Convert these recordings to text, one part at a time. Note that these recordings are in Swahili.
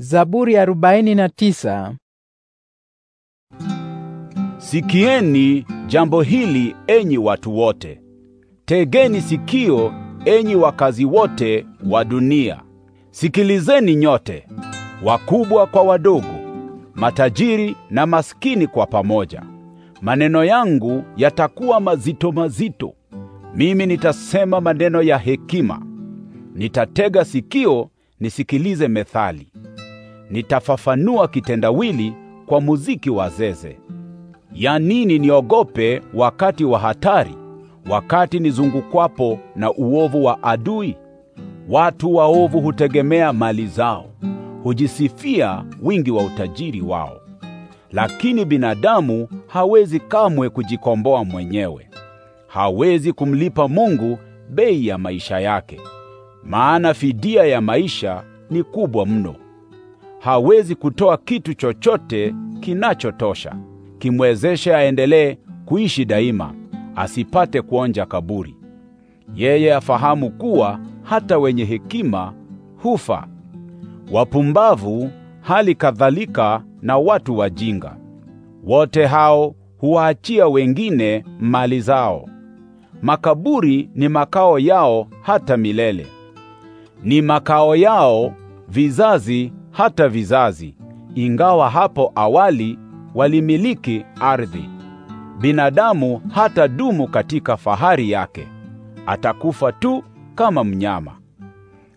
Zaburi ya arobaini na tisa. Sikieni jambo hili enyi watu wote. Tegeni sikio enyi wakazi wote wa dunia. Sikilizeni nyote, wakubwa kwa wadogo, matajiri na maskini kwa pamoja. Maneno yangu yatakuwa mazito mazito. Mimi nitasema maneno ya hekima. Nitatega sikio nisikilize methali nitafafanua kitendawili kwa muziki wa zeze. Ya nini niogope wakati wa hatari, wakati nizungukwapo na uovu wa adui? Watu waovu hutegemea mali zao, hujisifia wingi wa utajiri wao. Lakini binadamu hawezi kamwe kujikomboa mwenyewe, hawezi kumlipa Mungu bei ya maisha yake, maana fidia ya maisha ni kubwa mno hawezi kutoa kitu chochote kinachotosha kimwezeshe aendelee kuishi daima, asipate kuonja kaburi. Yeye afahamu kuwa hata wenye hekima hufa, wapumbavu hali kadhalika na watu wajinga. Wote hao huwaachia wengine mali zao. Makaburi ni makao yao hata milele, ni makao yao vizazi hata vizazi, ingawa hapo awali walimiliki ardhi. Binadamu hata dumu katika fahari yake, atakufa tu kama mnyama.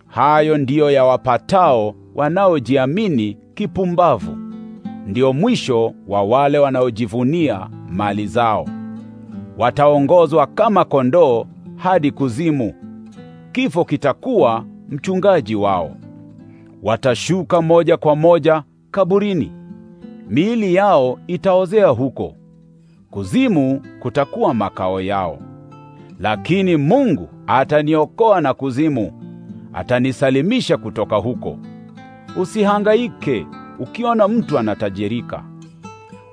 Hayo ndiyo yawapatao wanaojiamini kipumbavu, ndio mwisho wa wale wanaojivunia mali zao. Wataongozwa kama kondoo hadi kuzimu. Kifo kitakuwa mchungaji wao watashuka moja kwa moja kaburini, miili yao itaozea huko. Kuzimu kutakuwa makao yao. Lakini Mungu ataniokoa na kuzimu, atanisalimisha kutoka huko. Usihangaike ukiona mtu anatajirika,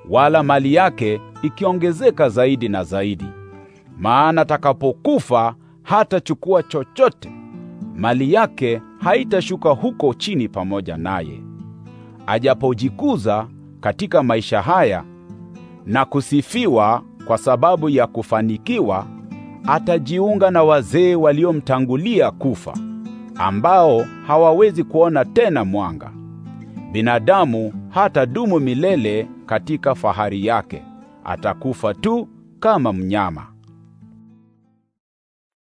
wala mali yake ikiongezeka zaidi na zaidi, maana atakapokufa hatachukua chochote mali yake haitashuka huko chini pamoja naye. Ajapojikuza katika maisha haya na kusifiwa kwa sababu ya kufanikiwa, atajiunga na wazee waliomtangulia kufa, ambao hawawezi kuona tena mwanga. Binadamu hata dumu milele katika fahari yake, atakufa tu kama mnyama.